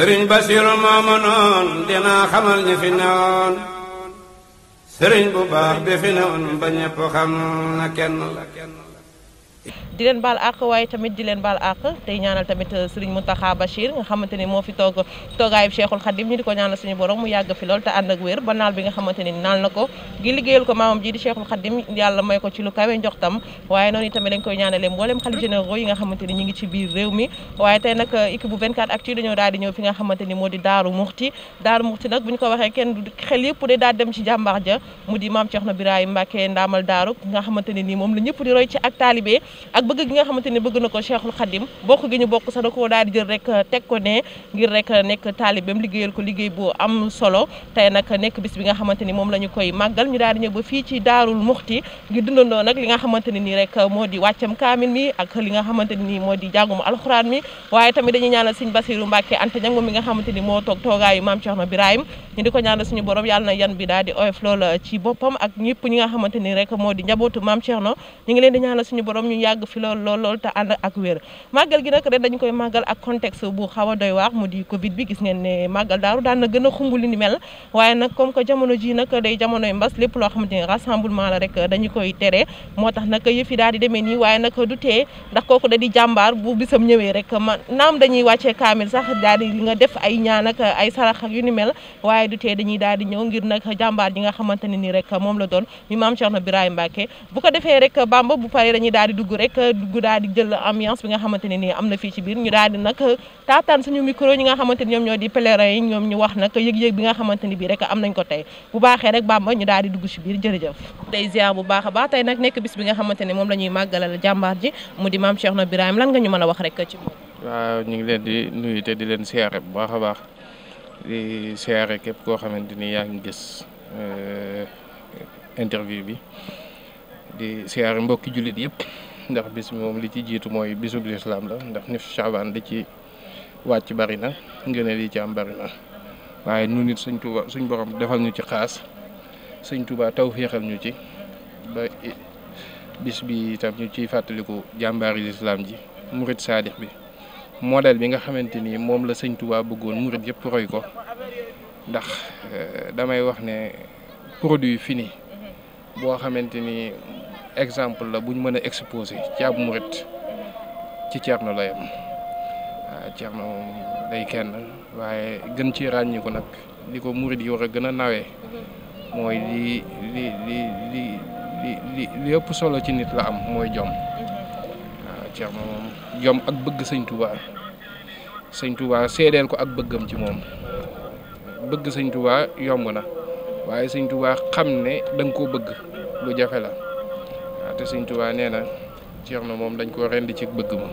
sëriñ ba mooma noon dinaa xamal ñi fi sëriñ bu baax bi fi newoon ba ñépp xam na kenn la di leen baal àq waaye tamit di leen baal àq tey ñaanal tamit uh, Serigne Mountakha Bachir nga xamante ni moo fi toog toogaayu Cheikhul Khadim ñu di ko mu yàgg fi lool te ànd ak wér ba naal bi na ko gi ko maamam ji di Cheikhul Khadim yàlla may ko ci lu kawe njoxtam waaye noonu itamit lañ koy ñaanalee mboolem xalif généraux yi nga xamante ni ñu ngi ci biir réew mi waaye tey nag uh, équipe daal di ñëw fi nga xamante ni moo di Daaru Muxti Daaru Muxti nag bu ñu ko waxee kenn yëpp day dem ci jàmbaar ja mu di maam Cheikhna Birahim Mbacke nga xamante ni moom la ñëpp di roy ci ak taalibe ak bëgg gi nga xamante ni bëgg na ko Cheikhul Khadim bokk gi ñu bokk sax da koo daal di jël rek euh, teg ko ne ngir rek euh, nekk taalibeem liggéeyal ko liggéey bu am solo tey nag ni moom la ñu koy màggal ñu daal di ñëw ba fii ci Daarul Muxti ngir dundandoo nag li nga xamante ne nii rek euh, moo di wàccam kaamil mi ak li nga xamante ne nii moo di jàngum alxuraan mi waaye tamit dañuy ñaanal Sëriñ Basiru Mbàkke Anta Ñaŋ moom mi nga xamante ni moo toog toogaayu Maam Cheikhna Birahim ñu di ko ñaanal suñu borom yàlla na yan bi daal di oyof lool ci boppam ak ni rek moo di njabootu Maam Cheikhna ñu ngi leen ñu yàgg fi lool lool lool te ànd ak wér màggal gi nag ren dañu koy màggal ak contexte bu xaw a doy waar mu di Covid bi gis ngeen ne màggal daaru daan na gën a xumb li ni mel waaye nag comme que jamono ji nag day jamonoy mbas lépp loo xamante ni rassemblement la rek dañu koy tere moo tax nag yëf yi daal di demee nii waaye nag du tee ndax kooku da di jàmbaar bu bisam ñëwee rek man naam dañuy wàccee kaamil sax daal di nga def ay ñaan ak ay sarax ak yu ni mel waaye du tee dañuy daal di ñëw ngir nag jàmbaar ji nga xamante ne nii rek moom la doon mi maam Cheikh Ibrahima Mbacke bu ko defee rek Bamba bu paree dañuy daal di dugg rek Euh, dugg daal di jël ambiance bi nga xamante ne nii am na fii ci biir ñu daal di nag euh, taataan suñu micro ñi nga xamante ni ñoom ñoo di pèlerin yi ñoom ñu wax nag yëg-yëg bi nga xamante ni bii rek am nañ ko tey bu baaxee rek Bamba ñu daal di dugg ci biir jërëjëf tey ziar bu baax a baax tey nag nekk bis bi nga xamante ne moom la ñuy màggalal jàmbaar ji mu di maam Cheikhna Birahim lan nga ñu mën a wax ñu ngi leen di nuyu te di leen siyaare bu baax a baax di siyaare képp koo xamante ni yaa ngi gis euh, interview bi di siyaare mbokki jullit yëpp ndax bis moom li ci jiitu mooy bisub lislaam la ndax nif Chaabaan li ci wàcc bari na ngëneel li ci am bari na waaye nu nit suñ Tuuba suñ borom defal ñu ci xaas suñ Tuuba taw féexal ñu ci ba bis bi itam ñu ciy fàttaliku jàmbaari lislaam ji murit saadix bi modèle bi nga xamante ni moom la sëñ Tuubaa bëggoon murit yëpp roy ko ndax eh, damay wax ne produit fini boo xamante exemple la bu ñu mën a exposé ci ab murit ci Thierno la yem waaw Thierno day kenn waaye gën ci ràññiku nag li ko murit yi war a gën a nawee mooy li li li li li li ëpp solo ci nit la am mooy jom waaw ak bëgg sëñ Touba sëñ ko ak bëggam ci moom bëgg sëñtuwaa yomb na waaye sëñ Touba xam ne danga koo bëgg lu jafe la. waaw te Sëñ Tuubaa nee na Ceerno moom dañ koo rend ci bëgg ma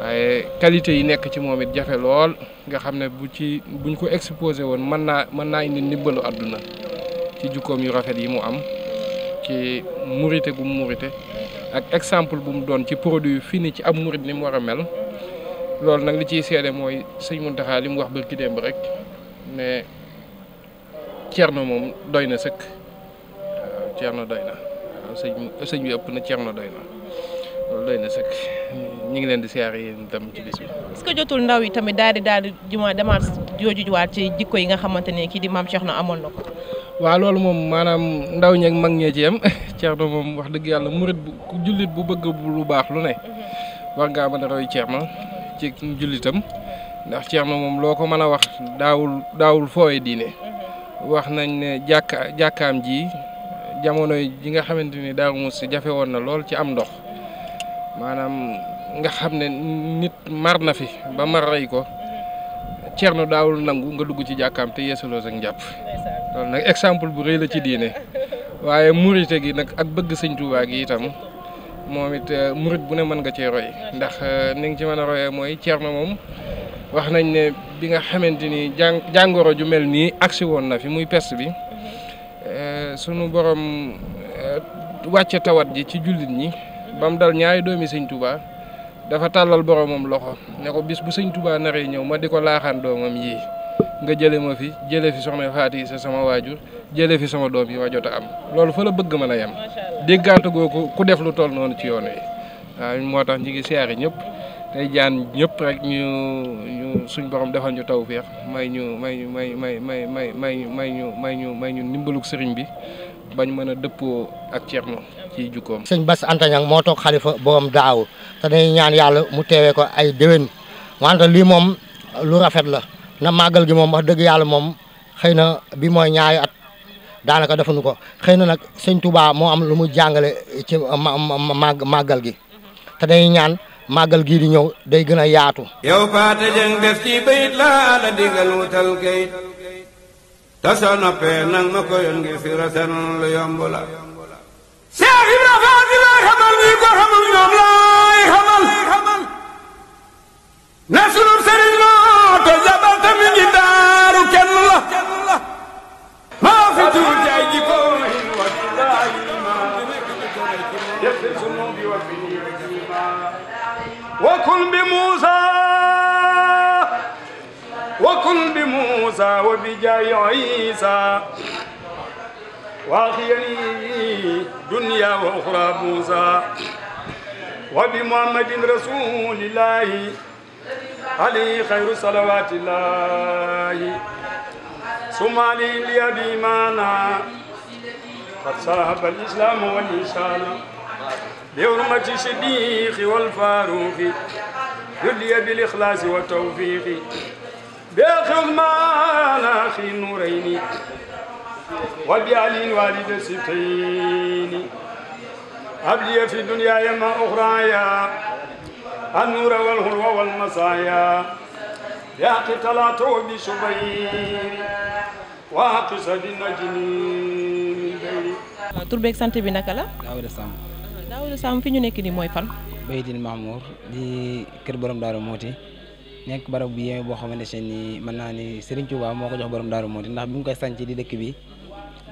waaye qualité yi nekk ci moom it jafe lool nga xam ne bu ci buñ ko exposé woon mën naa mën naa indi ndimbalu àdduna ci jukkoom yu rafet yi mu am ci murite gu mu murite ak exemple bu mu doon ci produit fini ci ab murit ni mu war a mel loolu nag li ciy seede mooy sëñ Muntaxa li mu wax bërki démb rek mais ne na moom doy na sëkk waaw na doy na sëñ sëñ bi ëpp na Thierno doy na loolu doy na sëkk ñu ngi leen di siyaar yéen itam ci que jotul ndaw yi tamit daal di daal di juma demaat jooju juwaat ci jikko yi nga xamante ne kii di maam Thierno amoon na ko. waa loolu moom maanaam ndaw ñeeg mag ñee ci yem Thierno moom wax dëgg yàlla murit bu jullit bu bëgg lu baax lu ne war ngaa mën a roy Thierno ci jullitam ndax Thierno moom loo ko mën a wax daawul daawul fooy diine mhm. wax nañ ne jàkkaam ji. jamonoy ji nga xamante ni Daaru si jafe woon na lool ci am ndox maanaam nga xam ne nit mar na fi ba mar rey ko Cerno daawul nangu nga dugg ci jàkkaam te yeesaloo ak njàpp loolu nag exemple bu rëy la ci diine waaye murite gi nag ak bëgg sëñ Tuubaa gi itam moom it euh, murit bu ne mën nga cee roy ndax euh, ni nga ci mën a royee mooy Cerno moom wax nañ ne bi nga xamante ni jàng jàngoro ju mel nii agsi woon na fi muy peste bi sunu borom eh, wàcce tawat ji ci jullit ñi ba dal ñaari doomi sëñ tubaa dafa tàllal boromam loxo ne ko bis bu sëñ Touba naree ñëw ma di ko laaxaan doomam yi nga jële ma fi jële fi soxna Faati sa sama waajur jële fi sama doom yi ma jot am loolu fa la bëgg ma la yem déggaante googu ku def lu toll noonu ci yoon wi waaw moo tax ñu ngi siyaare ñëpp tey jaan ñëpp rek ñu suñ borom defal ñu taw may ñu may ñu may may may may may ñu may ñu may ñu may ñu ndimbalug sëriñ bi bañ mën a dëppoo ak Ceerno ci jukkoom. sëñ Bass Anta Niang moo toog xalifa borom daaw te dañuy ñaan yàlla mu teewee ko ay déwén wante lii moom lu rafet la na màggal gi moom wax dëgg yàlla moom xëy na bi mooy ñaari at daanaka defuñu ko xëy na nag sëñ Touba moo am lu mu jàngale ci màggal gi te dañuy ñaan. màggal gii di ñëw day gën a yaatu. yow Fatou Dieng def ci bayit laa la digal wutal kayit te soo noppee nag ma ko yoon ngir rasen lu yomb la. Cheikh Ibrahima Faati lay xamal ñi ko xamul ñoom laay xamal. وبجاه عيسى واخيني دنيا واخرى موسى وبمحمد رسول الله عليه خير صلوات الله ثم عليه لأبي مانا قد صاحب الإسلام والإنسان بحرمة الشديق والفاروق يلي بالإخلاص والتوفيق بأخذ معنا أخي النورين وبعلي والد ستين أبلي في الدنيا يما أخرايا النور والهلوى والمصايا بأخي طلعته بشبير وأقص بالنجم tur beeg sant bi naka la. Daawuda Samb. Daawuda Samb fi ñu nekk nii mooy fan. Baydil Mahmour di kër borom Daaru Mooti. nekk barab bu yéeme boo xamante ne nii mën naa ni Serigne Touba moo ko jox borom Daaru Muxti ndax bi mu koy sanc di dëkk bi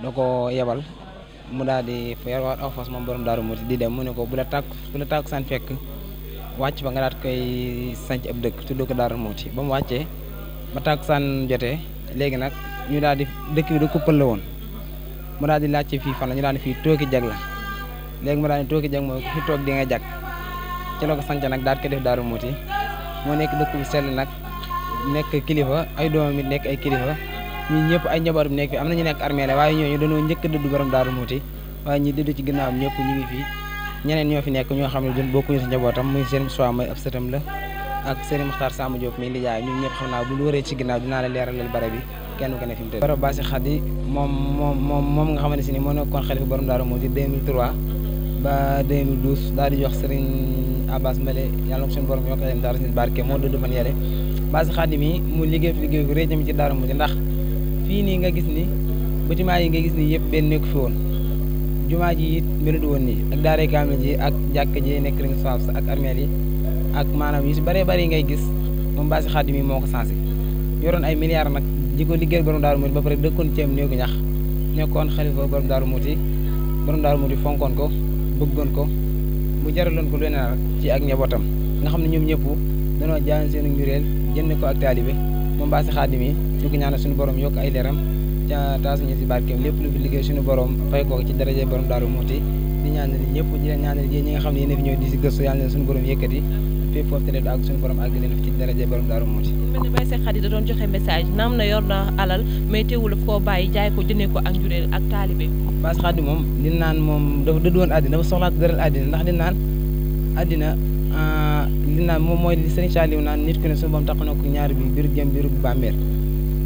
da ko yebal mu daal di yorwaat aw fas moom borom Daaru Muxti di dem mu ne ko bu la tàkk bu la tàkk san fekk wàcc fa nga daat koy sanc ab dëkk tudd ko Daaru Muxti ba mu wàccee ba tàkk san jotee léegi nag ñu daal di dëkk bi da kuppal la woon mu daa di laajte fii fan la ñu daal di fii tooki jag la léegi mu daal di tooki jag mooy ku toog di nga jag ci la ko sanc nag daal ko def Daaru Muxti moo nekk dëkk bu sell nag nekk kilifa ay doomam it nekk ay kilifa ñun ñëpp ay njaboot bi nekk fi am nañu nekk armée la waaye ñooñu dañoo njëkk dëdd borom daaru muuti waaye ñi dëdd ci ginnaawam ñëpp ñu ngi fii ñeneen ñoo fi nekk ñoo xam ne jën bokkuñu si njabootam muy seen soi may ab sëtam la ak Serigne Makhtar Samb Diop mi li jaay ñun ñëpp xam naa bu ñu wëree ci ginnaaw dinaa la leeralal bare bi kenn ku ne fi mu moom moom moom moom nga xamante si ni moo nekkoon xalifa borom daaru muuti 2003 ba 2012 daal di jox sëriñ Abbas Mele yàlla ko suñu borom yokk leen dara seen barke moo dëdd fan yàlla ba si xaadim yi mu liggéey fi liggéey bu rëy jëm ci Darou Mouhty ndax fii nii nga gis ni bâtiment yi nga gis ni yëpp benn nekku fi woon jumaa ji it melut woon ni ak daara kaamil ji ak jàkk ji nekk ring saaf ak armeel yi ak maanaam yu si bëree bëri ngay gis moom ba si xaadim moo ko sensé yoroon ay milliards nag ji liggéey liggéeyal borom Darou Mouhty ba pare dëkkoon ceeb néegu ñax nekkoon xalifa borom Darou Mouhty borom Darou Mouhty fonkoon ko bëggoon ko mu jaraloon ko lu ne rek ci ak njabootam nga xam ne ñoom ñëpp danoo jaayoon seen njureel jënd ko ak taalibe moom Baasi Xaadim yi ñu ko ñaanal suñu borom yokk ay leeram ca taasuñu si barkeem lépp lu liggéey suñu borom fay ko ci daraje borom Daaru Muxti di ñaan ñëpp di leen ñaanal yéen nga xam ne yéen fi ñëw di si gëstu yàlla leen suñu borom yëkkati fépp foofu te ak suñu borom ak njureel ak taalibe moom di naan moom dafa dëdd woon àddina dafa soxlaat ndax di naan àddina ah, li naan moom mooy li sëriñ Saliou naan nit ku ne suñu borom tax na ñaar bi biiru jëm biiru bàmmeel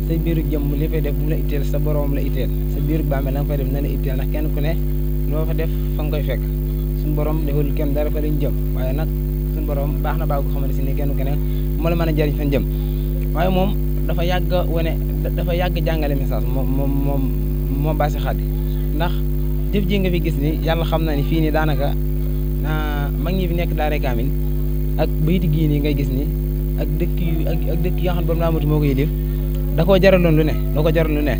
sa biiru jëm mu fay def bu mu la itteel sa borom la itteel sa biiru bàmmeel la nga fay def la itteel ndax kenn ku ne loo fa def fa nga koy fekk suñu borom deful kenn dara fa lañ jëm waaye nag suñu borom baax na baax goo xamante si ni kenn ku ne moo la mën a jariñ fan jëm waaye moom dafa yàgg a wane dafa yàgg jàngale message moom moom moom moom baasi xaddi ndax jëf ji nga fi gis ni yàlla xam na ni fii ni daanaka mag ñi fi nekk daare kaamil ak bayti gii nii ngay gis ni ak dëkk yu ak dëkk yoo xam ne borom laa amatu ko da koo jaraloon lu ne da ko jaraloon ne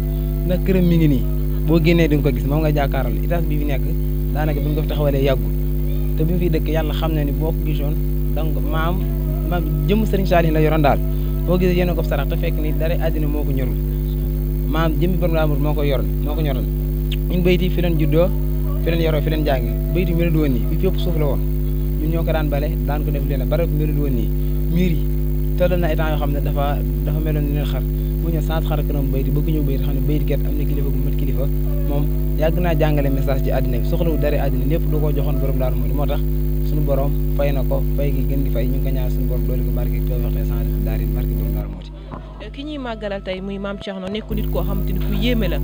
ndax këram mi ngi nii boo génnee di ko gis moom nga jàkkaaral étage bi fi nekk daanaka bi ñu ko fi taxawalee yàggu te bi mu fiy dëkk yàlla xam na ni boo ko gisoon donc maam maam jëmm sëriñ Saliou la yoroon daal boo gisee yéen ko sarax te fekk ni dara àddina moo ko ñorul maam jëmmi borom laa moo ko yoroon moo ko ñoroon ñun bayti fi leen juddoo fi leen yoroo fi leen jàngi bayti melut woon nii bi fépp suuf la woon ñun ñoo ko daan bale daan ko def leen bare melut woon nii miir yi na ay yoo xam ne dafa dafa meloon ni leen xar mu ñëw sans xalifa moom yàgg naa jàngale message ci àddina bi soxlawu dara àddina lépp lu ko joxoon borom daaru moom moo tax suñu borom fay na ko fay gi gën di fay ñu ngi ko ñaan suñu borom doole ko barke too waxte ki ñuy màggalal tey muy maam Thierno nekku nit koo xamante ni ku yéeme la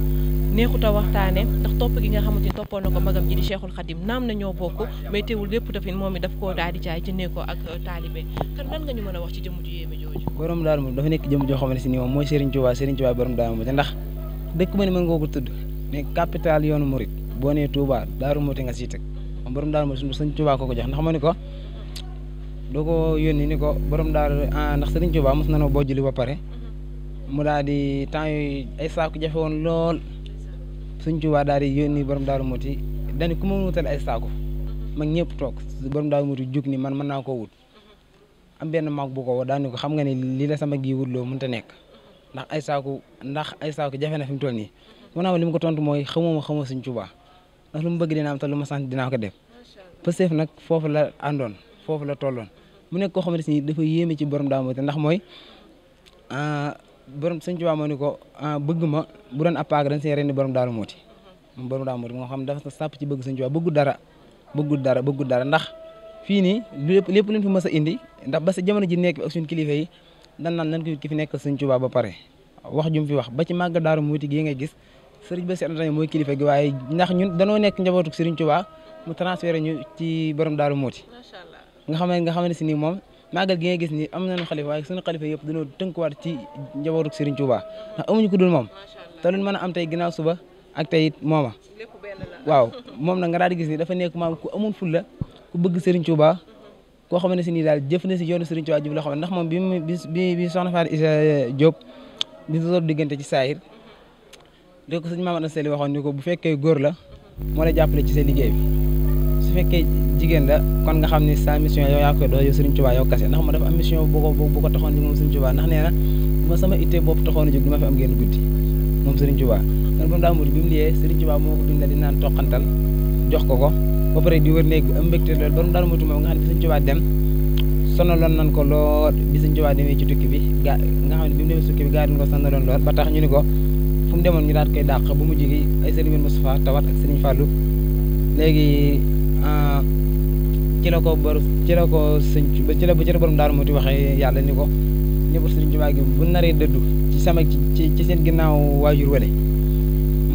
neexut a waxtaane ndax topp gi nga xamante ni toppoon na ko magam ji di Cheikhul Khadim naam na ñoo bokk mais teewul lépp dafin moom it daf koo daal di jaay jëndee ko ak taalibe kan lan nga ñu mën a wax ci jëmm ju yéeme jooju borom daaru moom dafa nekk jëmm joo si ni moom mooy Serigne Touba Serigne Touba borom daaru moom ndax dëkk ma ne ma nga ko tudd mais capital yoonu Mouride boo nee Touba Daaru Muxti nga siy teg moom borom Daaru Muxti sëñ Touba ko ko jox ndax ma ni ko doo ko ni ko borom Daaru ah, ndax sëriñ Touba mos na boo julli ba pare mu daal di temps yooyu ay saako jafe lool sëñ daal di yónni borom Daaru Muxti dañu ku ma wutal ay saako mag ñëpp toog borom Daaru Muxti jug ni man mën naa ko wut am benn mag bu ko woo daani ko xam nga ne lii la sama gi wut loo mënta nekk ndax ay saaku ndax ay saaku jafe na fi mu toll nii mu naa ma li mu ko tontu mooy xamuma xamuma suñ Tuubaa ndax lu mu bëgg dina am te lu ma sant dinaa ko def Pastef nag foofu la àndoon foofu la tolloon mu nekk koo xamante ni dafa yéeme ci borom Daaru Muxti ndax mooy ah, borom suñ Tuubaa moo ni ko ah, bëgg ma bu doon appaag dañ see rendi borom Daaru Muxti moom borom Daaru Muxti moo xam dafa sàpp ci bëgg suñ Tuubaa bëggu dara bëggu dara bëggu dara ndax fii nii lépp lépp luñ fi mës a indi ndax ba sa jamono ji nekk bi ak suñ kilifa yi dan naan nan ki fi nekk sëñ Tuubaa ba pare wax jum fi wax ba ci màgg daaru muuti gi nga gis sëriñ ba seetlu nañu mooy kilifa gi waaye ndax ñun danoo nekk njabootu sëriñ Tuubaa mu transféré ñu ci borom daaru muuti nga xam ne nga xam si nii moom màggal gi nga gis ni am nañu xalifa waaye suñu xalifa yëpp dañoo waat ci njabootu sëriñ Tuubaa ndax amuñu ku dul moom te luñ mën a am tey ginnaaw suba ak tey it mooma waaw moom nag nga daal gis ni dafa nekk maam ku amul fulla ku bëgg sëriñ Tuubaa koo xam ne si nii daal jëf na si yoonu Serigne Touba jub loo xam ne ndax moom bi soxna Fatou Issa bi mu diggante ci saayir de ko sëñ Mamadou Seli waxoon ni ko bu fekkee góor la moo la jàppale ci sa liggéey bi su fekkee jigéen la kon nga xam ne sa mission yow yaa koy doo yow Serigne Touba kase ndax ma dafa am mission bu ko bu ko taxoon jóg moom Serigne Touba ndax na bu ma sama ittee bopp taxoon jóg du ma fi am génn guddi moom kon ba mu daa mur bi mu liyee Serigne moo ko di naan toqantal jox ko ko ba pare di wër néeg bi am mbégte lool borom daal moytu moom nga xam ne bi Sëñ Tuubaa dem sonaloon ko lool di Sëñ Tuubaa demee ci tukki bi ga nga xam ne bi mu demee ci tukki ba tax ñu ni ko fu mu demoon ñu daal koy dàq ba mu jigi ay sëriñ Moustapha tawat ak sëriñ Fallou léegi euh, ci la ko bor ci la ci la ci la borom daal moytu waxee yàlla ni ko ñëpp Sëriñ gi bu naree dëddu ci sama ci ci seen ginnaaw waajur wale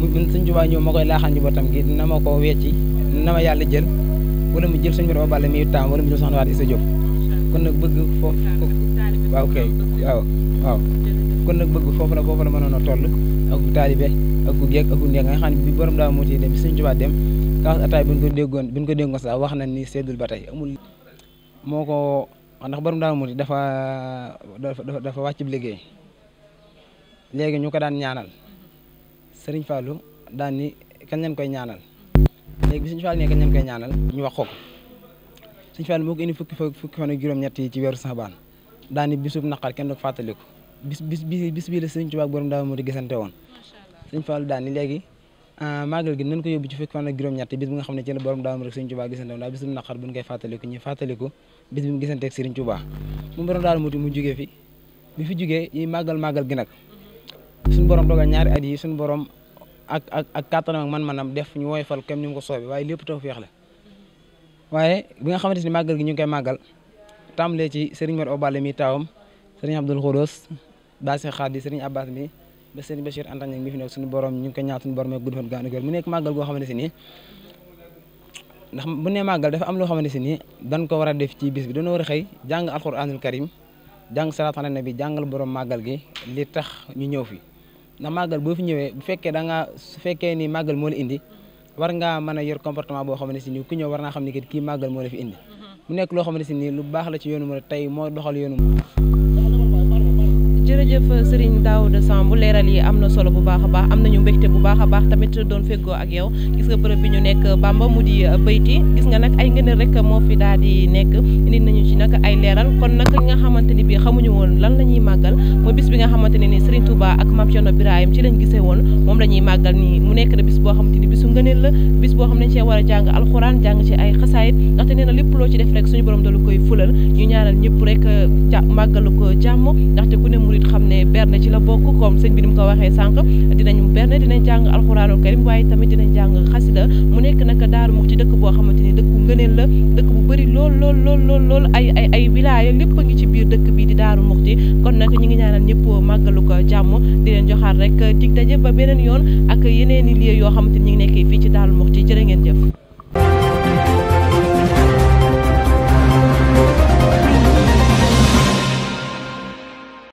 mu Sëñ Tuubaa ñëw ma koy laaxal ñu botam gi dina ma ko wecci na ma yàlla jël wala mu jël suñu borom bàlle mi taam wala mu jël soxna waat Issa Diop kon nag bëgg foofu waaw kay waaw waaw kon nag bëgg foofu la foofu la mënoon a toll ak ku taalibe ak ku geeg ak ku nekk nga xam ne bi borom daa moo ci dem suñu tubaab dem kaas ataay bi ñu ko déggoon bi ñu ko déggoon sax wax na ni seddul ba tey amul moo ko ndax borom daa moo dafa dafa dafa wàcc liggéey léegi ñu ko daan ñaanal Serigne Fallou daan ni kañ leen koy ñaanal léegi bi suñu Fall nekk ñam koy ñaanal ñu wax ko ko suñu Fall moo ko indi fukki fukki fan ak juróom-ñett yi ci weeru Saxbaan daani bisub naqar kenn du ko fàttaliku bis bis bi bis bii la Sëriñ Tuubaa borom daa mudi gisante woon suñu Fall daani léegi ah, màggal gi nañ ko yóbbu ci fukki fan ak juróom-ñett bis bi nga xam ne ci la borom daa mudi Sëriñ Tuubaa gisante woon daa bisub naqar buñ koy fàttaliku ñu fàttaliku bis bi mu gisante ak Sëriñ Tuubaa mu borom daa mudi mu jógee fi bi fi jógee yi màggal màggal gi nag suñu borom dogal ñaari at yi suñu borom ak ak ak kàttanam ak man-manam def ñu woyfal comme ni mu ko soobee waaye lépp tawfeex la waaye bi nga xamante ni màggal gi ñu ngi koy màggal tàmbalee ci sëriñ Mor Obale mi taawam sëriñ Abdul Khodos Baasi Xaadi sëriñ Abbas mi ba sëriñ Bachir Antañ mi fi nekk suñu borom ñu ngi koy ñaan suñu borom ak gudd fan gaanu mu nekk màggal goo xamante si nii ndax bu nee dafa am loo xamante si nii dañ ko war a def ci bis bi dañoo war a xëy jàng alxuraanul karim jàng salaatu ala nabi jàngal borom màggal gi lii tax ñu ñëw fi na màggal boo fi ñëwee bu fekkee da su fekkee ni màggal moo la indi war nga mën a yor comportement boo xam ne si ni ku ñëw war naa xam ne kii màggal moo la fi indi mhm. mu nekk loo xam ne si ni lu baax la ci yoonu mu tey moo doxal yoonu jërëjëf Serigne Daouda Samb leeral yi am na solo bu baax a baax am nañu mbégte bu baax a baax tamit doon feggoo ak yow gis nga bërëb bi ñu nekk Bamba mu di uh, Béyti gis nga nag ay ngëneel rek moo fi daal di nekk indi nañu ci nag ay xamante ni bii xamuñu woon lan la ñuy màggal mooy bis bi nga xamante ne ni Serigne Touba ak Mame Thierno ci lañ gisee woon moom la ñuy màggal nii mu nekk na bis boo xamante ni bisu ngëneel la bis boo xam ne dañ cee war a jàng alxuraan jàng ci ay xasaayit ndaxte nee na lépp loo ci def rek suñu borom dalu koy fulal ñu ñaanal ñëpp rek ca uh, màggalu ko jàmm ndaxte ku ne murit xam ne berne ci la bokk comme sëñ bi ni mu ko waxee sànq dinañ berne dinañ jàng alxuraanul karim waaye tamit dinañ jàng xasida mu nekk nag Daaru Muxti dëkk boo xamante ni dëkk bu ngëneel la dëkk bu bëri lool lool lool ay ay ay wilaaya lépp a ngi ci biir dëkk bii di Daaru Muxti kon nag ñu ngi ñaanal ñëpp màggalu ko jàmm di leen joxaat rek dig daje ba beneen yoon ak yeneen i yoo xamante ni ñu ngi nekk fii ci Daaru Muxti jërë ngeen jëf